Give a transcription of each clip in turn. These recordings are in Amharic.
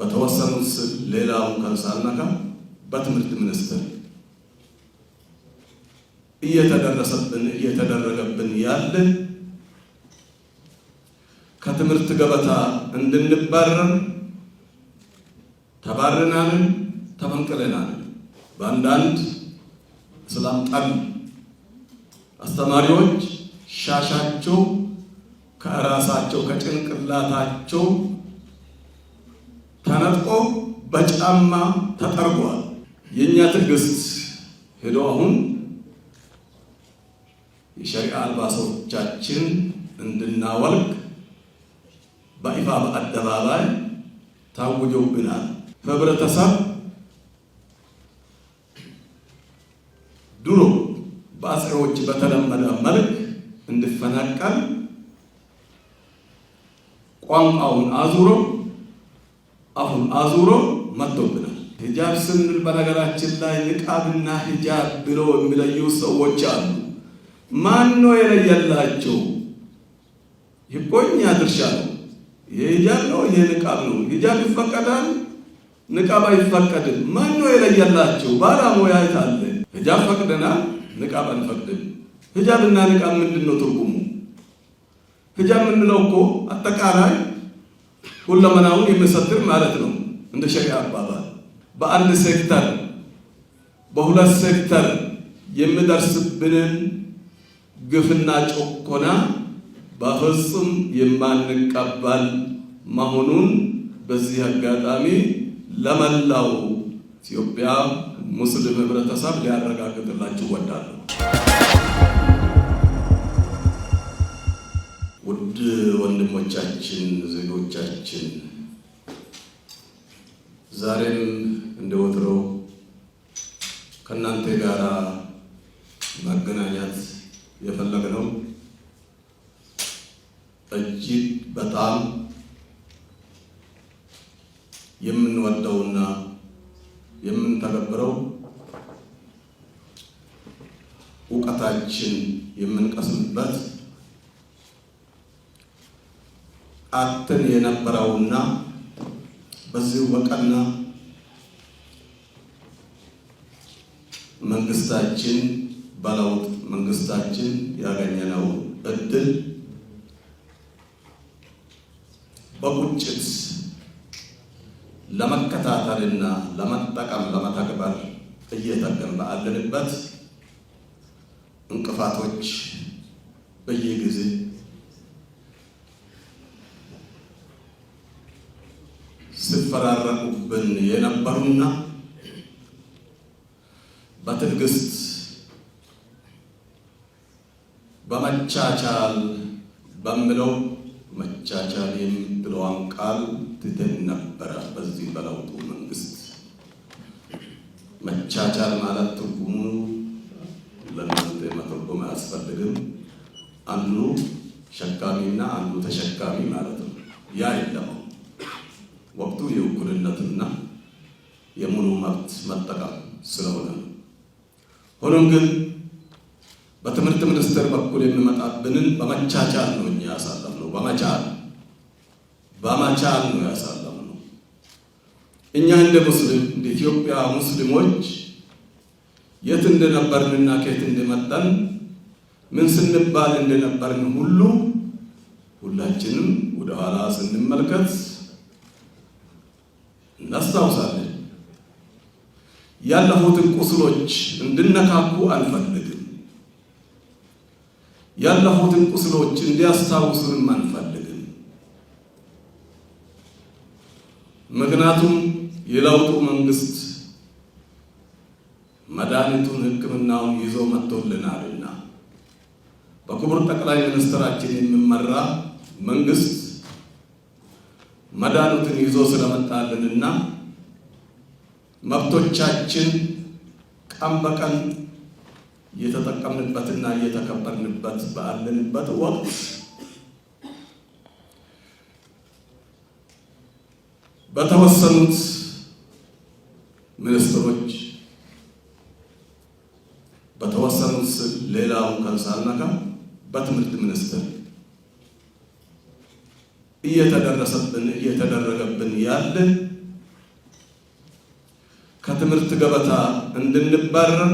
በተወሰኑት ሌላውን ካልሳነካ በትምህርት ሚኒስቴር እየተደረሰብን እየተደረገብን ያለ ከትምህርት ገበታ እንድንባረር ተባረናልን፣ ተፈንቅለናልን በአንዳንድ እስላም ጠል አስተማሪዎች ሻሻቸው ከራሳቸው ከጭንቅላታቸው ተነጥቆ በጫማ ተጠርጓል። የእኛ ትዕግስት ሄዶ አሁን የሸሪዓ አልባሶቻችን እንድናወልቅ በይፋ በአደባባይ ታውጆብናል። ህብረተሰብ ድሮ በአጽሬዎች በተለመደ መልክ እንድፈናቀል ቋንቋውን አዙረው አሁን አዙሮ መጥቶብናል። ሂጃብ ስንል በነገራችን ላይ ንቃብና ሂጃብ ብለው የሚለዩ ሰዎች አሉ። ማን ነው የለየላቸው? ይቆኛ ድርሻ ነው። የሂጃብ ነው፣ የንቃብ ንቃብ ነው። ሂጃብ ይፈቀዳል፣ ንቃብ አይፈቀድም። ማን ነው የለየላቸው? ባለሙያ አለ። ሂጃብ ፈቅደናል፣ ንቃብ አንፈቅድም። ሂጃብና ንቃብ ምንድን ነው ትርጉሙ? ሂጃብ የምንለው እኮ አጠቃላይ ሁለመናውን የሚሰትር ማለት ነው። እንደ ሸሪዓ አባባል በአንድ ሴክተር በሁለት ሴክተር የሚደርስብንን ግፍና ጭቆና በፍጹም የማንቀበል መሆኑን በዚህ አጋጣሚ ለመላው ኢትዮጵያ ሙስሊም ህብረተሰብ ሊያረጋግጥላችሁ እወዳለሁ። ውድ ወንድሞቻችን፣ ዜጎቻችን ዛሬም እንደ ወትሮ ከእናንተ ጋር መገናኘት የፈለግነው እጅግ በጣም የምንወደውና የምንተገብረው እውቀታችን የምንቀስምበት አትን የነበረውና በዚሁ በቀና መንግስታችን በለውጥ መንግስታችን ያገኘነው እድል በቁጭት ለመከታተልና ለመጠቀም ለመተግበር እየተገን ባለንበት እንቅፋቶች በየጊዜ ስፈራረቁብን የነበሩና በትዕግስት በመቻቻል በምለው መቻቻል የምትለዋን ቃል ትትን ነበረ። በዚህ በለውጡ መንግስት መቻቻል ማለት ትርጉሙ ለእናንተ መተርጎም አያስፈልግም። አንዱ ሸካሚና አንዱ ተሸካሚ ማለት ነው። ያ የለም። ወቅቱ የእኩልነትና የሙሉ መብት መጠቀም ስለሆነ ነው። ሆኖም ግን በትምህርት ሚኒስቴር በኩል የሚመጣብንን በመቻቻል ነው እኛ ያሳለፍነው። በመቻል በመቻል ነው ያሳለፍነው። እኛ እንደ ሙስሊም እንደ ኢትዮጵያ ሙስሊሞች የት እንደነበርንና ከየት እንደመጣን ምን ስንባል እንደነበርን ሁሉ ሁላችንም ወደኋላ ስንመልከት እናስታውሳለን። ያለፉትን ቁስሎች እንድነካኩ አንፈልግም። ያለፉትን ቁስሎች እንዲያስታውሱንም አንፈልግም። ምክንያቱም የለውጡ መንግስት መድኃኒቱን ሕክምናውን ይዞ መጥቶልናልና በክቡር ጠቅላይ ሚኒስትራችን የሚመራ መንግስት መዳኑትን ይዞ ስለመጣልንና መብቶቻችን ቀን በቀን እየተጠቀምንበትና እየተከበርንበት ባለንበት ወቅት በተወሰኑት ሚኒስትሮች በተወሰኑት ሌላው ከንሳልናካ በትምህርት ሚኒስትር እየተደረሰብን እየተደረገብን ያለ ከትምህርት ገበታ እንድንባረር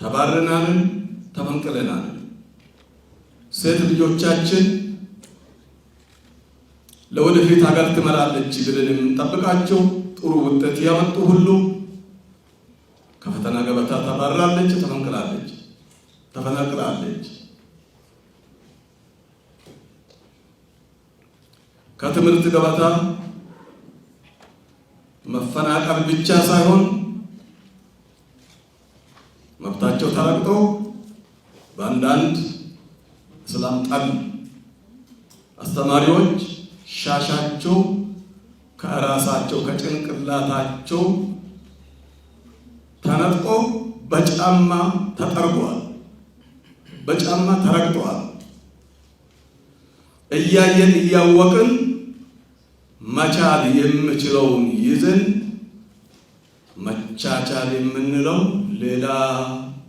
ተባረናንን ተፈንቅለናል። ሴት ልጆቻችን ለወደፊት ሀገር ትመራለች ብለን የምንጠብቃቸው ጥሩ ውጤት ያመጡ ሁሉ ከፈተና ገበታ ተባራለች፣ ተፈንቅላለች፣ ተፈናቅላለች። ከትምህርት ገበታ መፈናቀል ብቻ ሳይሆን መብታቸው ተረግጦ በአንዳንድ እስላም ጠል አስተማሪዎች ሻሻቸው ከራሳቸው ከጭንቅላታቸው ተነጥቆ በጫማ ተጠርጓል፣ በጫማ ተረግጠዋል። እያየን እያወቅን መቻል የምችለውን ይዘን መቻቻል የምንለው ሌላ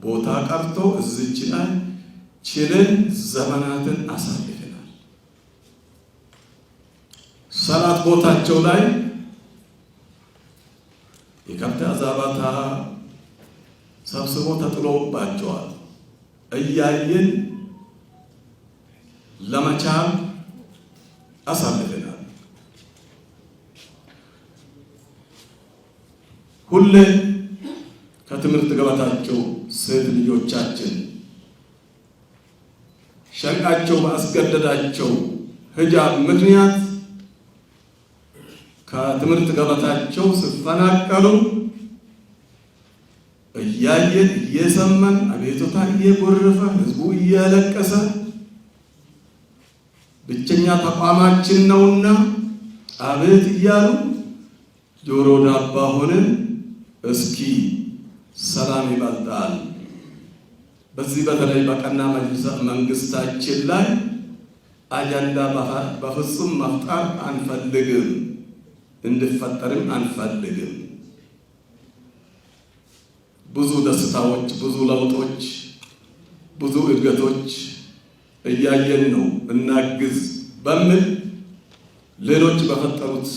ቦታ ቀርቶ እዚች ላይ ችልን ዘመናትን አሳልፈናል። ሰላት ቦታቸው ላይ የከብት አዛባታ ሰብስቦ ተጥሎባቸዋል። እያየን ለመቻል አሳልፈናል። ሁሌ ከትምህርት ገበታቸው ሴት ልጆቻችን ሸቃቸው ባስገደዳቸው ሂጃብ ምክንያት ከትምህርት ገበታቸው ሲፈናቀሉ እያየን እየሰማን አቤቱታ እየጎረፈ ህዝቡ እያለቀሰ ብቸኛ ተቋማችን ነውና አቤት እያሉ ጆሮ ዳባ ሆነን እስኪ ሰላም ይበልጣል። በዚህ በተለይ በቀና መንግስታችን ላይ አጀንዳ በፍጹም መፍጠር አንፈልግም፣ እንድፈጠርም አንፈልግም። ብዙ ደስታዎች፣ ብዙ ለውጦች፣ ብዙ እድገቶች እያየን ነው። እናግዝ በሚል ሌሎች በፈጠሩት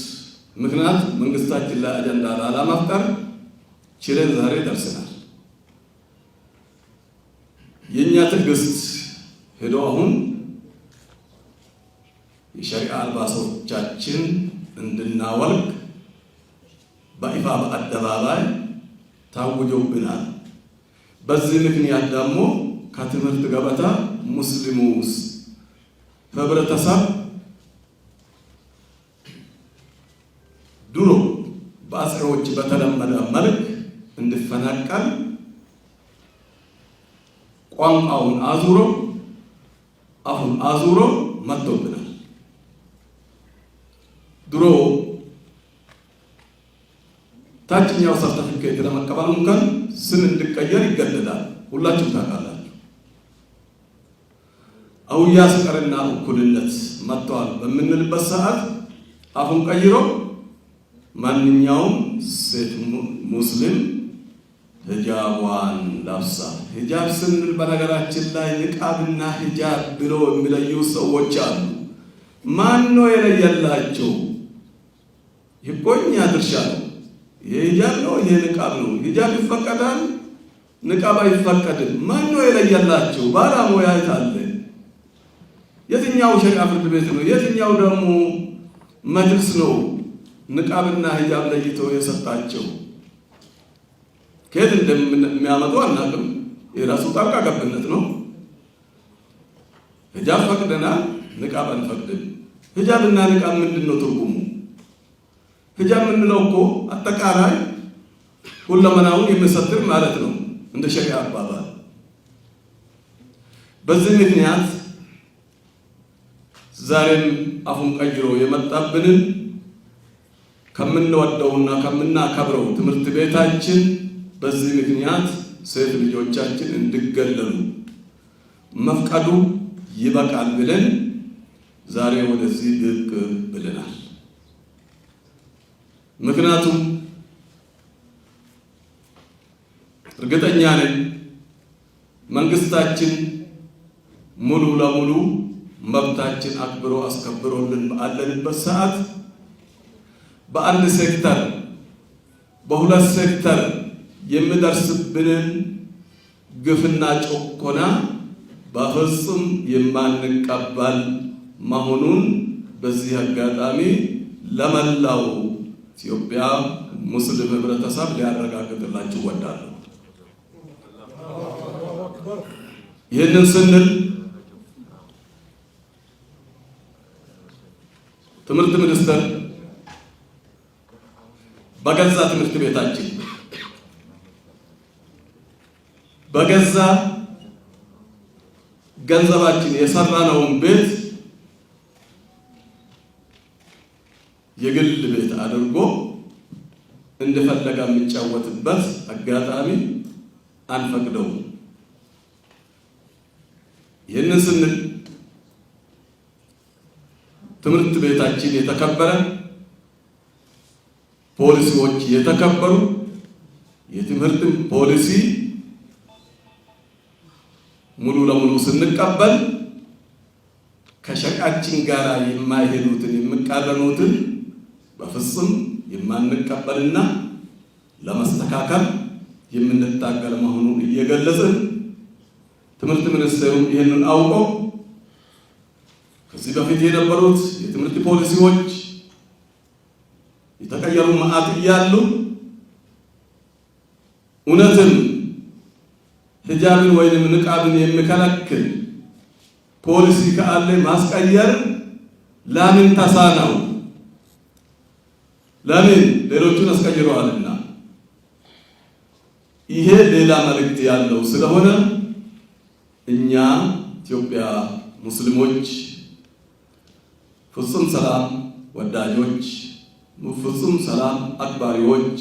ምክንያት መንግስታችን ላይ አጀንዳ ላለመፍጠር ችለን ዛሬ ደርሰናል። የእኛ ትዕግስት ሄዶ አሁን የሸሪዓ አልባሶቻችን እንድናወልቅ በይፋ በአደባባይ ታውጆብናል። በዚህ ምክንያት ደግሞ ከትምህርት ገበታ ሙስሊሙ ውስጥ ህብረተሰብ ድሮ በአስሬዎች በተለመደ መልክ እንፈናቀል ቋንቋውን አዙሮ አሁን አዙሮ መጥቶብናል። ድሮ ታችኛው ሰርተፊኬት ለመቀበል እንኳን ስም እንድቀየር ይገደዳል። ሁላችሁም ታውቃላችሁ። አውያ ስቀርና እኩልነት መጥተዋል በምንልበት ሰዓት አሁን ቀይሮ ማንኛውም ሴት ሙስሊም ሂጃቧን ለብሳ ሂጃብ ስንል በነገራችን ላይ ንቃብና ሂጃብ ብሎ የሚለዩ ሰዎች አሉ። ማን ነው የለየላቸው? ይቆኛ ድርሻ ነው። የሂጃብ ነው ንቃብ ነው። ሂጃብ ይፈቀዳል፣ ንቃብ አይፈቀድም። ማን ነው የለየላቸው? ባለሙያ አለ። የትኛው ሸሪዓ ፍርድ ቤት ነው? የትኛው ደግሞ መድርስ ነው? ንቃብና ሂጃብ ለይተው የሰጣቸው ከየት እንደሚያመጡ አናውቅም። የራሱ ጣልቃ ገብነት ነው። ሂጃብ ፈቅደናል፣ ንቃብ አንፈቅድም። ሂጃብና ንቃብ ምንድን ነው ትርጉሙ? ሂጃብ የምንለው እኮ አጠቃላይ ሁለመናውን የሚሰትር ማለት ነው እንደ ሸሪዓ አባባል። በዚህ ምክንያት ዛሬም አፉን ቀይሮ የመጣብንን ከምንወደውና ከምናከብረው ትምህርት ቤታችን በዚህ ምክንያት ሴት ልጆቻችን እንዲገለሉ መፍቀዱ ይበቃል ብለን ዛሬ ወደዚህ ብቅ ብለናል። ምክንያቱም እርግጠኛ ነን መንግስታችን ሙሉ ለሙሉ መብታችን አክብሮ አስከብሮልን ባለንበት ሰዓት በአንድ ሴክተር፣ በሁለት ሴክተር የምደርስብንን ግፍና ጭቆና በፍጹም የማንቀበል መሆኑን በዚህ አጋጣሚ ለመላው ኢትዮጵያ ሙስሊም ህብረተሰብ ሊያረጋግጥላችሁ እወዳለሁ። ይህንን ስንል ትምህርት ሚኒስቴር በገዛ ትምህርት ቤታችን በገዛ ገንዘባችን የሰራነውን ቤት የግል ቤት አድርጎ እንደፈለገ የሚጫወትበት አጋጣሚ አንፈቅደውም። ይህንን ስንል ትምህርት ቤታችን የተከበረ፣ ፖሊሲዎች የተከበሩ፣ የትምህርት ፖሊሲ ሙሉ ለሙሉ ስንቀበል ከሸቃችን ጋር የማይሄዱትን የምቃረኑትን በፍጹም የማንቀበልና ለመስተካከል የምንታገል መሆኑን እየገለጽን ትምህርት ሚኒስቴሩ ይህንን አውቆ ከዚህ በፊት የነበሩት የትምህርት ፖሊሲዎች የተቀየሩ መዓት እያሉ እውነትን ሂጃብን ወይንም ንቃብን የሚከለክል ፖሊሲ ካለ ማስቀየር ለምን ተሳነው? ለምን ሌሎቹን አስቀይረዋልና። ይሄ ሌላ መልእክት ያለው ስለሆነ እኛ ኢትዮጵያ ሙስሊሞች ፍጹም ሰላም ወዳጆች፣ ፍጹም ሰላም አክባሪዎች፣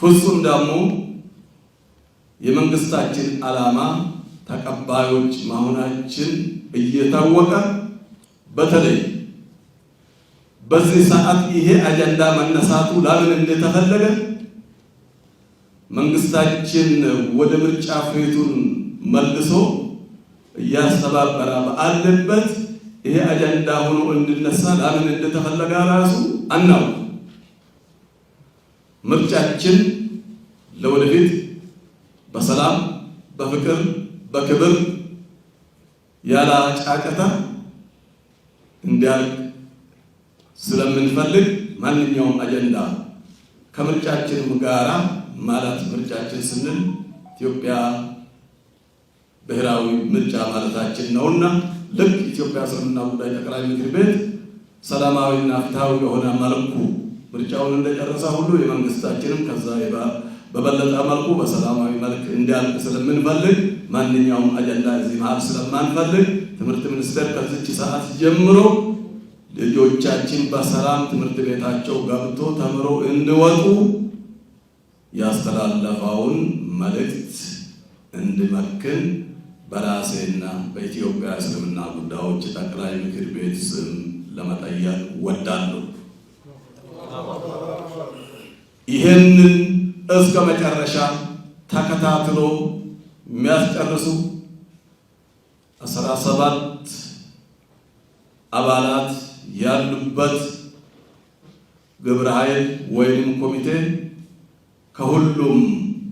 ፍጹም ደግሞ የመንግስታችን ዓላማ ተቀባዮች መሆናችን እየታወቀ በተለይ በዚህ ሰዓት ይሄ አጀንዳ መነሳቱ ለምን እንደተፈለገ መንግስታችን ወደ ምርጫ ፊቱን መልሶ እያስተባበረ ባለበት ይሄ አጀንዳ ሆኖ እንድነሳ ለምን እንደተፈለገ ራሱ አናውቅ። ምርጫችን ለወደፊት በሰላም በፍቅር በክብር ያለ ጫቀታ እንዲያልቅ ስለምንፈልግ ማንኛውም አጀንዳ ከምርጫችንም ጋራ ማለት ምርጫችን ስንል ኢትዮጵያ ብሔራዊ ምርጫ ማለታችን ነውና ልክ ኢትዮጵያ እስልምና ጉዳይ ጠቅላይ ምክር ቤት ሰላማዊና ፍትሐዊ የሆነ መልኩ ምርጫውን እንደጨረሰ ሁሉ የመንግስታችንም ከዛ በበለጠ መልኩ በሰላማዊ መልክ እንዲያልቅ ስለምንፈልግ ማንኛውም አጀንዳ እዚህ መሀል ስለማንፈልግ ትምህርት ሚኒስቴር ከዚች ሰዓት ጀምሮ ልጆቻችን በሰላም ትምህርት ቤታቸው ገብቶ ተምሮ እንዲወጡ ያስተላለፈውን መልእክት እንድመክን በራሴና በኢትዮጵያ እስልምና ጉዳዮች ጠቅላይ ምክር ቤት ስም ለመጠየቅ ወዳለሁ። ይህንን እስከ መጨረሻ ተከታትሎ የሚያስጨርሱ አስራ ሰባት አባላት ያሉበት ግብረ ኃይል ወይም ኮሚቴ ከሁሉም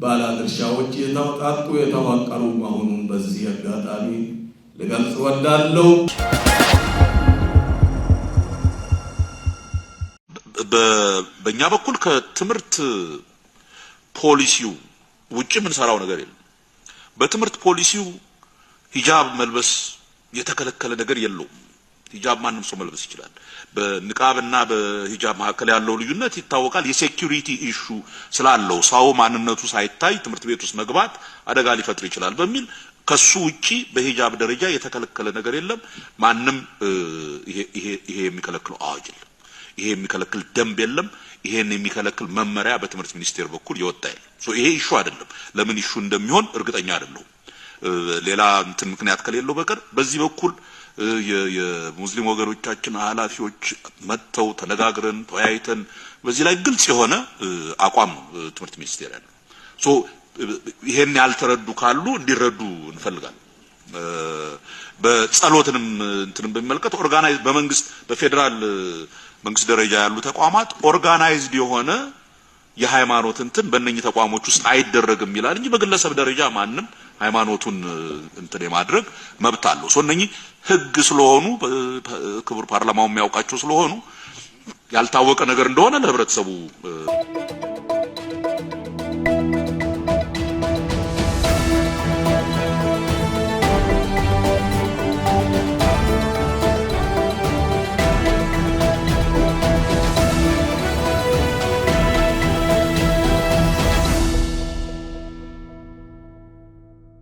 ባለድርሻዎች የተውጣጡ የተዋቀሩ መሆኑን በዚህ አጋጣሚ ልገልጽ ወዳለው። በእኛ በኩል ከትምህርት ፖሊሲው ውጭ የምንሰራው ነገር የለም። በትምህርት ፖሊሲው ሂጃብ መልበስ የተከለከለ ነገር የለውም። ሂጃብ ማንም ሰው መልበስ ይችላል። በንቃብና በሂጃብ መካከል ያለው ልዩነት ይታወቃል። የሴኩሪቲ ኢሹ ስላለው ሰው ማንነቱ ሳይታይ ትምህርት ቤት ውስጥ መግባት አደጋ ሊፈጥር ይችላል በሚል ከሱ ውጪ በሂጃብ ደረጃ የተከለከለ ነገር የለም። ማንም ይሄ የሚከለክለው አዋጅ የለም። ይሄ የሚከለክል ደንብ የለም። ይሄን የሚከለክል መመሪያ በትምህርት ሚኒስቴር በኩል የወጣ የለም። ይሄ ኢሹ አይደለም። ለምን ኢሹ እንደሚሆን እርግጠኛ አይደለሁም። ሌላ እንትን ምክንያት ከሌለው በቀር በዚህ በኩል የሙስሊም ወገኖቻችን ኃላፊዎች መጥተው ተነጋግረን ተወያይተን በዚህ ላይ ግልጽ የሆነ አቋም ነው ትምህርት ሚኒስቴር ያለው። ሶ ይሄን ያልተረዱ ካሉ እንዲረዱ እንፈልጋለን። በጸሎትንም እንትንም በሚመለከት ኦርጋናይዝ በመንግስት በፌዴራል መንግስት ደረጃ ያሉ ተቋማት ኦርጋናይዝድ የሆነ የሃይማኖት እንትን በእነኚህ ተቋሞች ውስጥ አይደረግም ይላል እንጂ በግለሰብ ደረጃ ማንም ሃይማኖቱን እንትን የማድረግ መብት አለው። ሶ እነኚህ ህግ ስለሆኑ ክቡር ፓርላማው የሚያውቃቸው ስለሆኑ ያልታወቀ ነገር እንደሆነ ለህብረተሰቡ